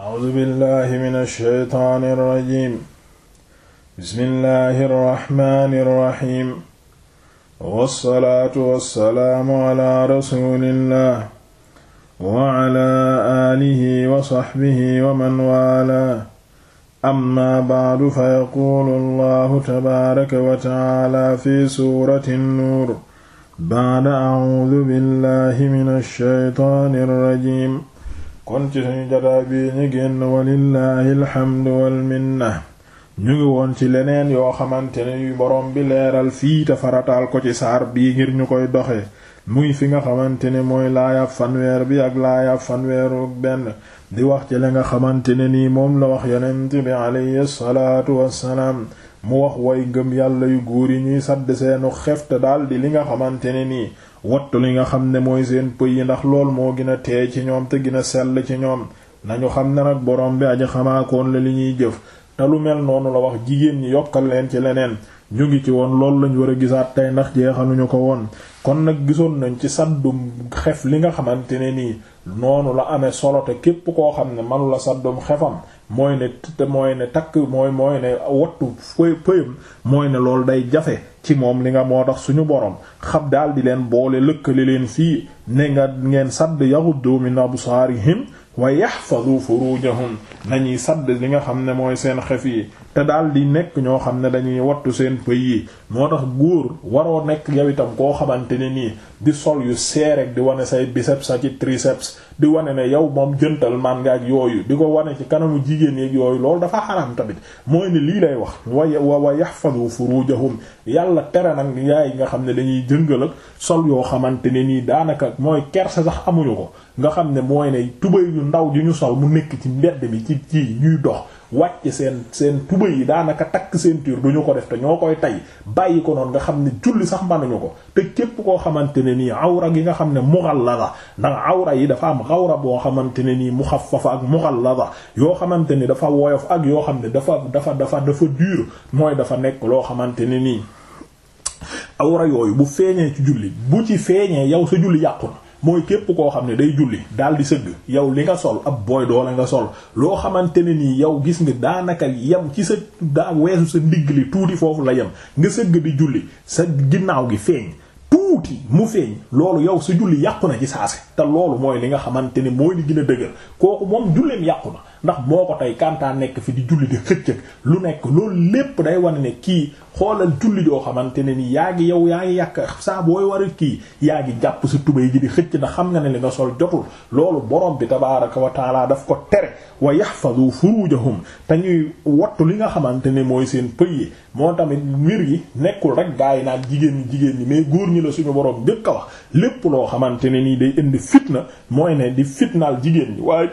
A'uuzu billaahi mina shaytaani rajiim. Bismillaahi rahmaani rahiim. Wassalaatu wassalaamu alaa rasuulillaah. Wa alaa aalihi wa sahbihi wa man waalaa. Ammaa ba'du fayaquulu Allaahu tabaaraka wa ta'aalaa fi suurati Nuur. Ba'da a'uuzu billaahi mina shaytaani rajiim. kon ci suñu jataa bi ñu génn walillahi alhamdu walminna ñu ngi woon ci leneen yoo xamante ne yu boroom bi leeral fii te farataal ko ci saar bii ngir ñu koy doxee muy fi nga xamante ne mooy laayab fanweer bi ak laayab fanweeru benn di wax ci la nga xamante ne nii moom la wax yonent bi alayhi salaatu wassalaam mu wax woy gëm yàlla yu góor yi ñuy sadd seenu xefte daldi li nga xamante ne nii wattu li nga xam ne mooy seen pëy yi ndax lool moo gën a teey ci ñoom te gën a sell ci ñoom nañu xam ne nag borom bi aja xamaakoon la li ñuy jëf te lu mel noonu la wax jigéen ñi yokkal leen ci leneen ñu ngi ci woon loolu lañ war a gisaat tey ndax jeexaluñu ko woon kon nag gisoon nañ ci saddum xef li nga xamante ne nii noonu la amee solo te képp koo xam ne manu la saddum xefam mooy ne te mooy ne takk mooy mooy ne wattu pëy pëyam mooy ne loolu day jafe ci moom li nga moo tax suñu borom xab daal di leen boole lëkkale leen fii ne nga ngeen sàdd sadd yaghuddu min absaarihim wa yahfazu furujahum nañuy sadd li nga xam ne mooy seen xef yi te daal di nekk ñoo xam ne dañuy wattu seen pëy yi moo tax góor waroo nekk yow itam koo xamante ne nii di sol yu seerek di wane say biceps sa ci triceps di wane ne yow moom gentleman nga ak yooyu di ko wane ci kanamu jigéen yeeg yooyu loolu dafa xaraam tamit mooy ne lii lay wax wa wa yahfazu furujahum yàlla tere nag yaay nga xam ne dañuy jëngal ak sol yoo xamante ne nii daanaka mooy kersa sax amuñu ko nga xam ne mooy ne tubay yu ndaw ju ñu sol mu nekk ci mbedd mi ci ñuy dox wàcc seen seen tuba yi daanaka takk ceinture duñu ko def te ñoo koy tey bàyyi ko noonu nga xam ne julli sax mënuñu ko te képp koo xamante ne nii awra yi nga xam ne mughallada ndax awra yi dafa am awra boo xamante ne nii mukhaffafa ak mughallada yoo xamante ni dafa woyof ak yoo xam ne dafa dafa dafa dafa dur mooy dafa nekk loo xamante ne nii awra yooyu bu feeñee ci julli bu ci feeñee yow sa julli yàqu mooy képp koo xam ne day julli daal di sëgg yow li nga sol ab booy doole nga sol loo xamante ne nii yow gis nga daanaka yem ci sa daa weesu sa ndigg li tuuti foofu la yem nga sëgg bi julli sa ginnaaw gi feeñ tuuti mu feeñ loolu yow sa julli yàqu na ci saase te loolu mooy li nga xamante ne mooy li gin a dëgër kooku moom julleem yàqu na ndax boo ko tey kantaa nekk fi di julli di xëccëg lu nekk loolu lépp day wane ne kii xoolal julli joo xamante ne ni yaa ngi yow yaa ngi yàq saa waral kii yaa ngi jàpp si tubéy ji di xëcc na xam nga ne li nga sol jotul loolu borom bi tabaraka wa taala daf ko tere wa yahfazu furujahum te ñuy wattu li nga xamante ne mooy seen pëy yi moo tamit mbir gi nekkul rek gaa naa jigéen ñi jigéen ñi mais góor ñi la suñu borom njëkk a wax lépp loo xamante ne nii day indi fitna mooy ne di fitnaal jigéen ñi waaye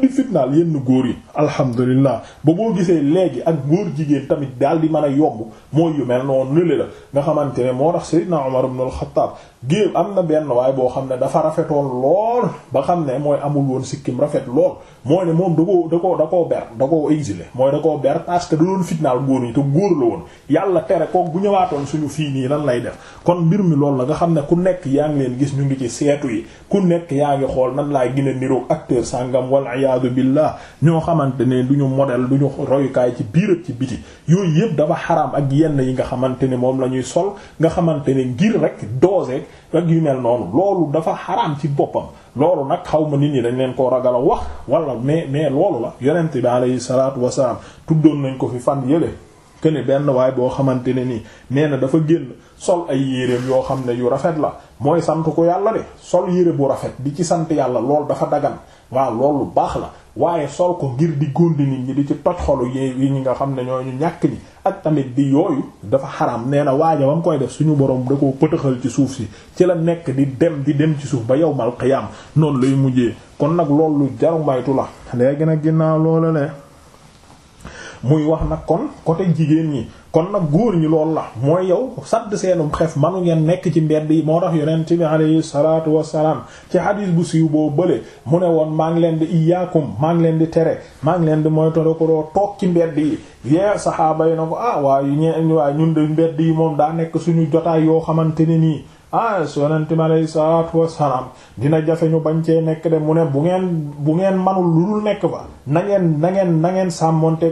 di fitnaal yenn góor yi alhamdulilah ba boo gisee léegi ak góor jigéen tamit daal di mën a yomb mooy yu mel noonu lële la nga xamante ne moo tax Seydina Umar ibn al-Khattab géew am na benn waaye boo xam ne dafa rafetoon lool ba xam ne mooy amul woon sikkim rafet lool mooy ne moom da ko da koo da ko ber da koo exilé mooy da koo ber parce que da doon fitnaal góor ñi te góor la woon yàlla tere kook bu ñëwaatoon suñu fii nii lan lay def kon mbir mi loolu la nga xam ne ku nekk yaa ngi leen gis ñu ngi ci seetu yi ku nekk yaa ngi xool nan laay gën a niroog acteur sàngam wal iyaadu billah ñoo xamante ne du ñu modèle du ñu royukaay ci biir ci biti yooyu yëpp dafa xaraam ak yenn yi nga xamante ne moom la ñuy sol nga xamante ne ngir rek doose ak yu mel noonu loolu dafa xaraam ci boppam loolu nag xaw ma nit ñi dañ leen koo ragal a wax wala mais mais loolu la yonent bi alayhi salaatu wasalaam tuddoon nañ ko fi fan yële que benn waay boo xamante ne nii mais na dafa génn sol ay yéreem yoo xam ne yu rafet la mooy sant ko yàlla de sol yére bu rafet di ci sant yàlla loolu dafa dagan waaw loolu baax la waaye sol ko ngir di góndi nit ñi di ci toj xolu yee yi ñi nga xam ne ñooñu ñàkk ñi ak tamit di yooyu dafa xaram nee na waaja ba mu koy def suñu borom da koo pëtëxal ci suuf si ci la nekk di dem di dem ci suuf ba yow qiyaam noonu lay mujjee kon nag loolu jaru maytu la léegi nag ginnaaw loolu le muy wax nag kon côté jigéen ñi kon nag góor ñi loolu la mooy yow sadd seenum xef manu ngeen nekk ci mbedd yi moo tax yonent bi alayhi salaatu wassalaam ci hadis bu siiw boo bële mu ne woon maa ngi leen di iyaakum maa ngi leen di tere maa ngi leen di mooy tore ko doo toog ci mbedd yi yee saxaaba yi na ko ah waaye ñee waaye ñun de mbedd yi moom daa nekk suñu jotaay yoo xamante ne nii ah yonente mi alayhi salaatu dina jafe ñu bañ cee nekk de mu ne bu ngeen bu ngeen manul lu dul nekk fa na ngeen na ngeen na ngeen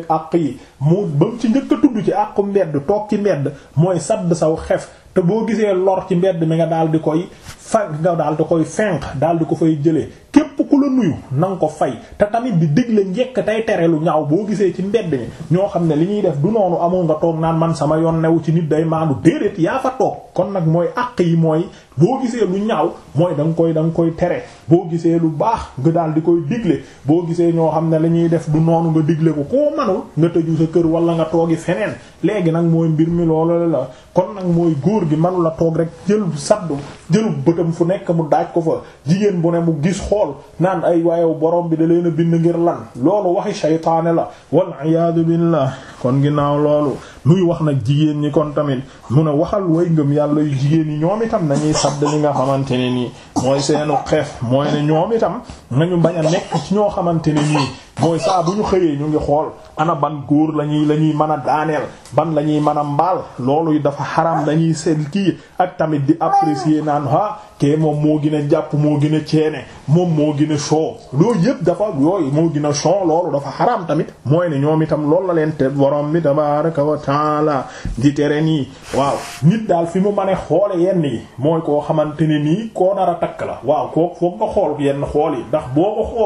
àq yi mu ba mu ci njëkk a tudd ci àqu mbedd toog ci mbedd mooy sadd saw xef te boo gisee lor ci mbedd mi nga daal di koy fa nga daal di koy fenq daal di ko fay jëlee képp ku la nuyu na ko fay te tamit bi digle njekk tey tere lu ñaaw boo gisee ci mbedd mi ñoo xam ne li ñuy def du noonu amoo nga toog naan man sama yoon newu ci nit day maandu déedéet yaa fa toog kon nag mooy àq yi mooy boo gisee lu ñaaw mooy da nga koy da koy tere boo gisee lu baax nga daal di koy digle boo gisee ñoo xam ne la def du noonu nga digle ko koo manul nga tëju sa kër wala nga toogi feneen léegi nag mooy mbir mi loolu la kon nag mooy góor gi manul toog rek jël saddu jël bëtam fu nekk mu daaj ko fa jigéen bu ne mu gis xool naan ay waayew borom bi da leen a bind ngir lan loolu waxi saytaane la wal iyaadu billah kon ginnaaw loolu muy wax nag jigéen ñi kon tamit mu ne jigéen yi sàdd nga xamante ne nii mooy seenu xeef mooy ne ñoom itam nañu bañ a nekk ci ñoo xamante ne nii mooy saa bu ñu xëyee ñu ngi xool ana ban góor la ñuy la ñuy mën a daaneel ban la ñuy mën a mbaal loolu dafa xaram dañuy sel kii ak tamit di apprécier naan ah kee moom moo gën jàpp moo gën a moom moo gën a soo loolu yëpp dafa yooyu moo gina a loolu dafa xaram tamit mooy ne ñoom itam lool la leen te borom bi tabaraka wa taala di tere nii waaw nit daal fi mu mën a xoole yenn yi mooy koo xamante ne nii koo nar a takk la waaw koo foog nga xool yenn xool yi ndax boo ko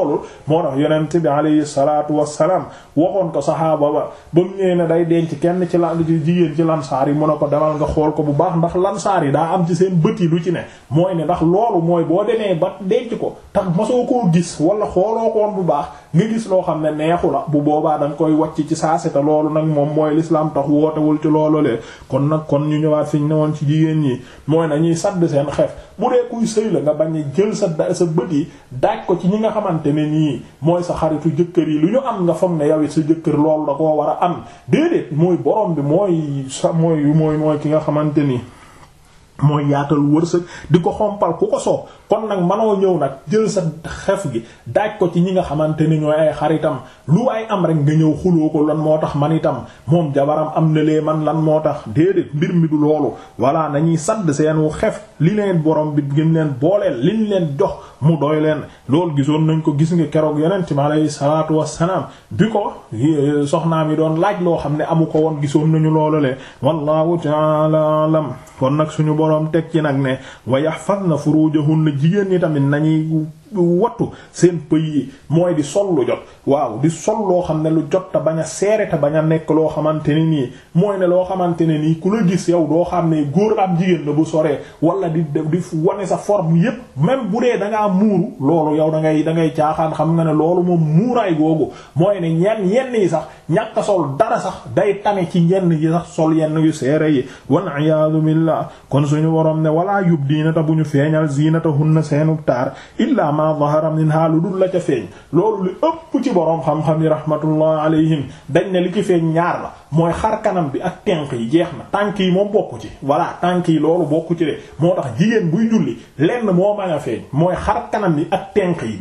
alayhi salaatu wassalaam waxoon ko saxaaba ba ba mu nee ne day denc kenn ci la ci jigéen ci lansaar yi mu ne ko demal nga xool ko bu baax ndax lansaar yi daa am ci seen bët lu ci ne mooy ne ndax loolu mooy boo demee ba denc ko tax masoo koo gis wala xooloo ko woon bu baax nga gis loo xam ne neexu la bu boobaa da koy wàcc ci saa te loolu nag moom mooy lislaam tax wootewul ci loolu le kon nag kon ñu ñëwaat fi ñu newoon ci jigéen ñi mooy nañuy sadd seen xef bu dee la nga bañ a jël sa sa bët yi daaj ko ci ñi nga xamante ne nii mooy sa xaritu jëkkër yi lu ñu am nga foog yow sa jëkkër loolu da koo war a am mooy borom mooy sa mooy mooy ki nga xamante ni mooy yaatal wërsëg di ko xompal ku ko soob kon nag manoo ñëw nag jël sa xef gi daaj ko ci ñi nga xamante ni ñooy ay xaritam lu ay am rek nga ñëw xuloo ko lan moo tax man itam moom jabaram am na lee man lan moo tax déedéet mbir mi du loolu voilà nañuy sadd seenu xef li leen borom bi gim leen booleel liñ leen jox mu doy leen loolu gisoon nañ ko gis nga keroog yonent mi alayhi salaatu wassalaam bi ko eh, soxnaam yi doon laaj loo xam ne amu ko woon gisoon nañu loolu le wallahu ta'ala alam kon nag suñu borom teg ci nag ne wa yahfazna furujahunna jigéen ñi tamit nañuy wattu seen pëy yi mooy di sol lu jot waaw di sol loo xam ne lu jot te bañ a seere te bañ a nekk loo xamante ne nii mooy ne loo xamante ne nii ku la gis yow doo xam ne góor am jigéen la bu soree wala di di wane sa forme yépp même bu dee da ngaa muuru loolu yow da ngay da ngay caaxaan xam nga ne loolu moom muuraay googu mooy ne ñenn yenn yi sax ñàkk sol dara sax day tane ci yenn yi sax sol yenn yu seere yi wal iyaadu billah kon suñu waroom ne walaa yubdiina ta bu ñu feeñal ziinatahunna seenu taar illaa maa zahara minhaa lu dul la ca feeñ loolu li ëpp ci boroom xam-xam yi rahmatullah alayhim dañ ne li ci feeñ ñaar la mooy xar kanam bi ak tenq yi jeex na tànk yi moom bokku ci voilà tànk yi loolu bokku ci de moo tax jigéen buy julli lenn moo mën a feeñ mooy xar kanam bi ak tenk yi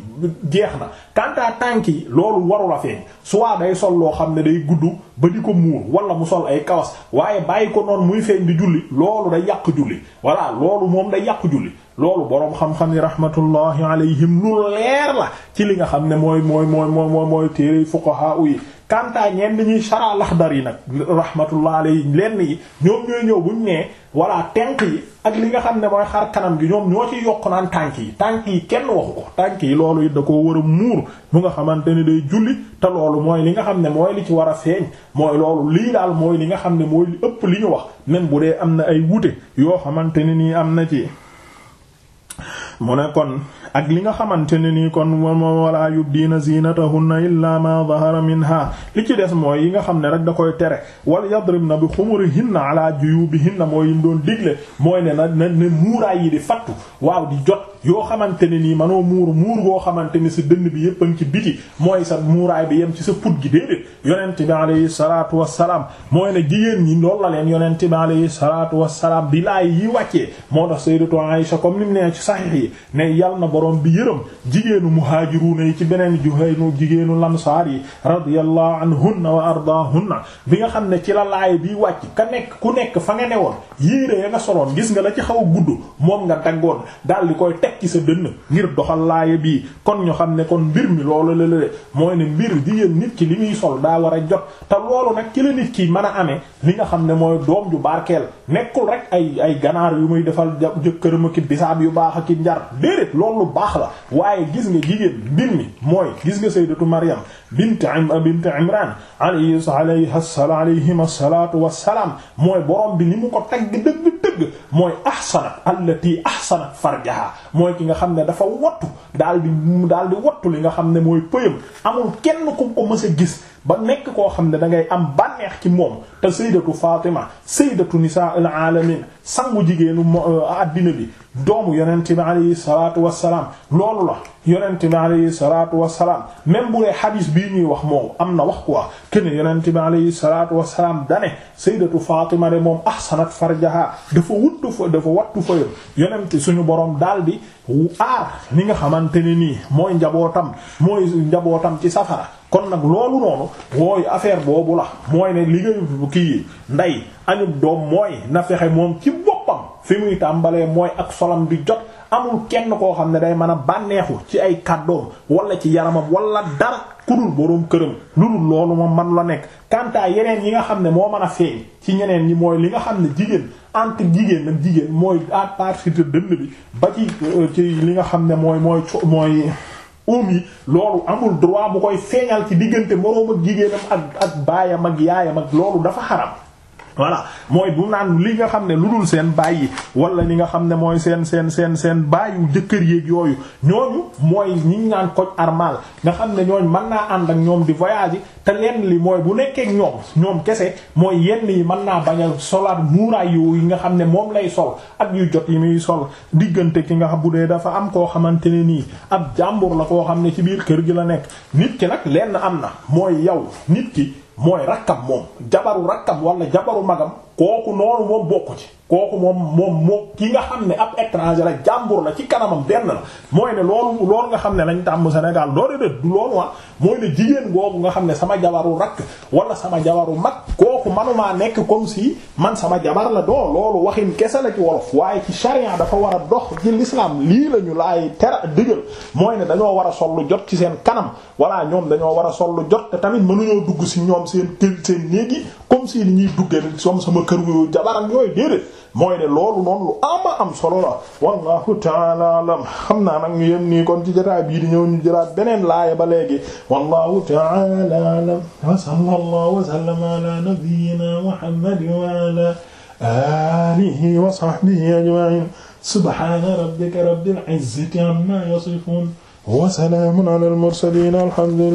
jeex na quant tànk yi loolu waru la feeñ soit day sol loo xam ne day gudd ba di ko muur wala mu sol ay kawas waaye bàyyi ko noonu muy feeñ di julli loolu day yàq julli voilà loolu moom day yàq julli loolu boroom xam-xam ni rahmatullahi alayhim lu leer la ci li nga xam ne mooy mooy mooy mooy mooy téere fuqaha yi kantaa ñenn ñuy shara laxdar yi nag rahmatullah alayhi lenn yi ñoom ñooy ñëw buñ nee walla tenq yi ak li nga xam ne mooy xar kanam gi ñoom ñoo ci yokk naan tànk yi tànk yi kenn waxu ko tànk yi loolu yi da koo war muur mu nga xamante ni day julli te loolu mooy li nga xam ne mooy li ci war a feeñ mooy loolu lii daal mooy li nga xam ne mooy ëpp li ñu wax même bu dee am na ay wuute yoo xamante ne nii am na ci mo ne kon ak li nga xamante ne nii kon moom wala yubdiina ziinatahunna illaa maa zahara minha li ci des mooy yi nga xam ne rek da koy tere wal yadribna bi xumurihinna ala juyubihinna mooy yim doon digle mooy ne na na muuraay yi di fattu waaw di jot yoo xamante ne nii manoo muur muur goo xamante ni si dënn bi yépp a ci biti mooy sa muuraay bi yem ci sa put gi déedéet yonent bi alayhi salaatu wassalaam mooy ne jigéen ñi loolu la leen yonent bi alayhi salaatu wassalaam di laay yi wàccee moo tax sayyidatu Aisha comme ni mu nee ci saxiix yi ne yal na borom bi yërëm jigéenu muhaajiruuna yi ci beneen juhaynu jigéenu lansaar yi radiyallahu anhunna wa ardaahunna bi nga xam ne ci la laay bi wàcc ka nekk ku nekk fa nga newoon yéere ya soloon gis nga la ci xaw gudd moom nga daggoon daal di koy teg teg ci sa dënn ngir doxal laaya bii kon ñu xam ne kon mbir mi loolu la la mooy ne mbir jigéen nit ki li muy sol daa war a jot te loolu nag ci la nit ki mën a amee li nga xam ne mooy doom ju barkeel nekkul rek ay ay ganaar yu muy defal jëkkëram ki bisaab yu baax ak njar déedéet loolu lu baax la waaye gis nga jigéen mbir mi mooy gis nga sayyidatu Maryam bint bint Imran alayhi alayhima salaatu wassalaam mooy borom bi ni mu ko tagg dëgg-dëgg mooy ahsanat allati ahsanat farjaha mooy ki nga xam ne dafa wattu daal di daal di wattu li nga xam ne mooy pëyam amul kenn ku ko mës a gis ba nekk koo xam ne da ngay am bànneex ci moom te sayyidatu Fatima sayyidatu nisaa al alamin sangu jigéenu euh, addina bi doomu yonent bi alayhi salaatu wassalaam loolu la yonent bi alayhi salaatu wassalaam bii ñuy wax moom am na wax quoi kene yonent bi alayhi salaatu wassalaam dane sayyidatu Fatima de moom ahsanat farjaha dafa wuttu fa dafa wattu fa yonent suñu borom daal di aar li nga xamante ni nii mooy njabootam mooy njabootam ci safara kon nag loolu noonu mooy affaire boobu la mooy ne liggéeyu kii ndey añub doom mooy na fexe moom ci boppam fi muy tàmbalee mooy ak solam di jot amul kenn koo xam ne day mën a bànneexu ci ay kàddoom wala ci yaramam wala dara ku dul boroom këram lu dul loolu moom man la nekk kantaa yeneen yi nga xam ne moo man a feeñ ci ñeneen yi mooy li nga xam ne jigéen entre jigéen ak jigéen mooy à partir de dënn bi ba ci euh, ci li nga xam ne mooy mooy mooy oom yi loolu amul droit bu koy feeñal ci diggante moroom ak jigéenam ak ak baayam ak yaayam ak loolu dafa xaram voilà mooy bu naan li nga xam ne lu dul seen bàyyi yi wala li nga xam ne mooy seen seen seen seen baayu jëkkër yéeg yooyu ñooñu mooy ñi naan koñ armal nga xam ne ñooñ mën naa ànd ak ñoom di voyage te lenn li mooy bu nekkeek ñoom ñoom kese mooy yenn yi mën naa bañ a solaat muuraay yi nga xam ne moom lay sol ak yu jot yi muy sol diggante ki nga xam bu dee dafa am koo xamante ne nii ab jàmbur la koo xam ne ci biir kër gi la nekk nit ki nag lenn am na mooy yow nit ki mooy rakkam moom jabaru rakkam wala jabaru magam kooku noonu moom bokku ci kooku moom moom moo ki nga xam ne ab étranger la jàmbur la ci kanamam benn la mooy ne loolu loolu nga xam ne lañ tàmm Sénégal loolu de du loolu wa ah. mooy ne jigéen nga xam ne sama jabaru rakk wala sama jabaru mag kooku manumaa nekk comme si man sama jabar la doo loolu waxin kese la ci waaye ci dafa war a dox ci l'islam lii la ñu laay tera dëggal mooy ne dañoo war a sol lu jot ci seen kanam wala ñoom dañoo war a sol jot tamit mënuñoo dugg si ñoom seen tël seen néeg yi comme si ni ñuy duggee soom sama kër jabar ak yooyu déedéet mooy ne loolu noonu lu ama am solo la wallahu taala alam xam naa nag ñu yem nii kon ci jotaay bii di ñëw ñu jëlaat beneen laaya ba léegi wallahu taala alam wa sallallahu wa sallama ala nabiyyina muhammadin wa ala alihi wa sahbihi ajma'in subhana rabbika rabbil izzati amma yasifun wa salamun ala al mursalin alhamdulillah